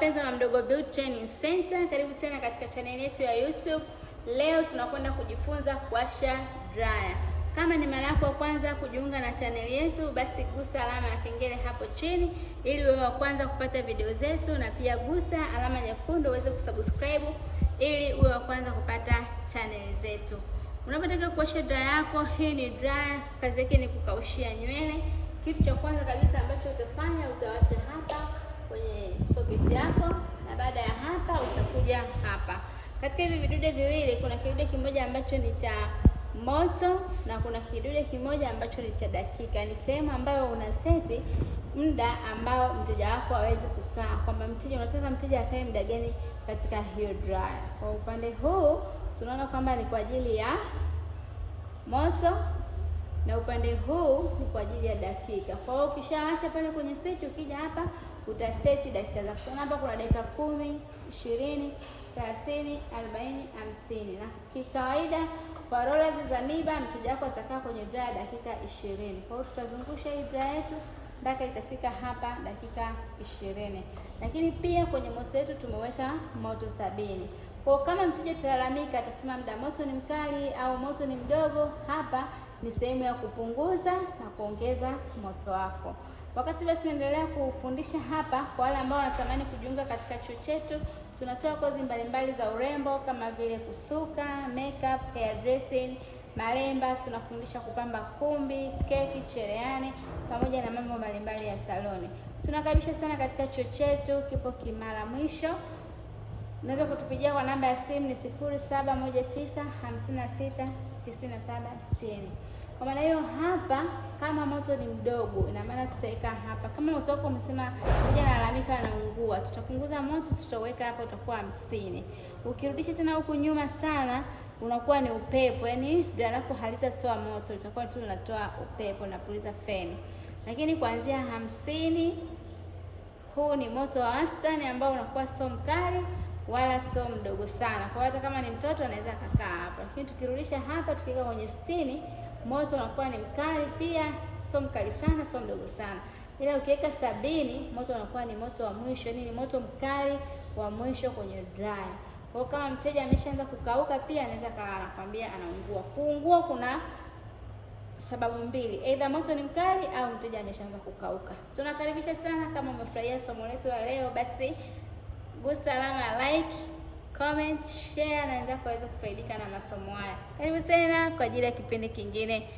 wapenzi wa Mdogo Build Training Center, karibu tena katika chaneli yetu ya YouTube. Leo tunakwenda kujifunza kuwasha dryer. Kama ni mara yako ya kwanza kujiunga na chaneli yetu, basi gusa alama ya kengele hapo chini ili wewe wa kwanza kupata video zetu, na pia gusa alama nyekundu uweze kusubscribe ili uwe wa kwanza kupata channel zetu. Unapotaka kuosha dryer yako, hii ni dryer, kazi yake ni kukaushia nywele. Kitu cha kwanza kabisa ambacho utafanya utawasha hapa kwenye soketi yako, na baada ya hapa utakuja hapa. Katika hivi vidude viwili, kuna kidude kimoja ambacho ni cha moto na kuna kidude kimoja ambacho ni cha dakika. Ni sehemu ambayo una seti muda ambao mteja wako aweze kukaa, kwamba mteja unataka mteja akae muda gani katika hiyo dryer. Kwa upande huu tunaona kwamba ni kwa ajili ya moto na upande huu ni kwa ajili ya dakika. Kwa hiyo ukishaasha pale kwenye switch, ukija hapa utaseti dakika zako. Kuna hapa kuna dakika kumi, ishirini, thelathini, arobaini, hamsini na kikawaida kwa rollers za miba mteja wako atakaa kwenye draya dakika ishirini. Kwa hiyo tutazungusha hii draya yetu mpaka itafika hapa dakika ishirini. Lakini pia kwenye moto wetu tumeweka moto sabini. Kwa kama mteja atalalamika, atasema muda moto ni mkali au moto ni mdogo, hapa ni sehemu ya kupunguza na kuongeza moto wako. Wakati basi naendelea kufundisha hapa, kwa wale ambao wanatamani kujiunga katika chuo chetu, tunatoa kozi mbalimbali za urembo kama vile kusuka, makeup, hairdressing, malemba, tunafundisha kupamba kumbi, keki, cherehani pamoja na mambo mbalimbali ya saloni. Tunakaribisha sana katika chuo chetu, kipo Kimara Mwisho. Unaweza kutupigia kwa namba ya simu ni 0719569760. Kwa maana hiyo, hapa kama moto ni mdogo, ina maana tutaweka hapa. Kama moto wako umesema moja nalalamika anaungua, tutapunguza moto, tutaweka hapa, utakuwa hamsini. Ukirudisha tena huku nyuma sana unakuwa ni upepo, yani jua lako halitatoa moto, litakuwa tu linatoa upepo, napuliza feni. Lakini kuanzia hamsini, huu ni moto wa wastani ambao unakuwa sio mkali wala sio mdogo sana. Kwa hata kama ni mtoto anaweza akakaa hapo, lakini tukirudisha hapa tukiweka kwenye sitini, moto unakuwa ni mkali pia, sio mkali sana, sio mdogo sana ila ukiweka sabini, moto unakuwa ni moto wa mwisho, yani ni moto mkali wa mwisho kwenye dryer. Kwa kama mteja ameshaanza kukauka, pia anaweza kawa anakwambia anaungua. Kuungua kuna sababu mbili, aidha moto ni mkali au mteja ameshaanza kukauka. Tunakaribisha sana. Kama umefurahia somo letu la leo, basi gusa alama ya like, comment, share na wenzako waweze kufaidika na masomo haya. Karibu tena kwa ajili ya kipindi kingine.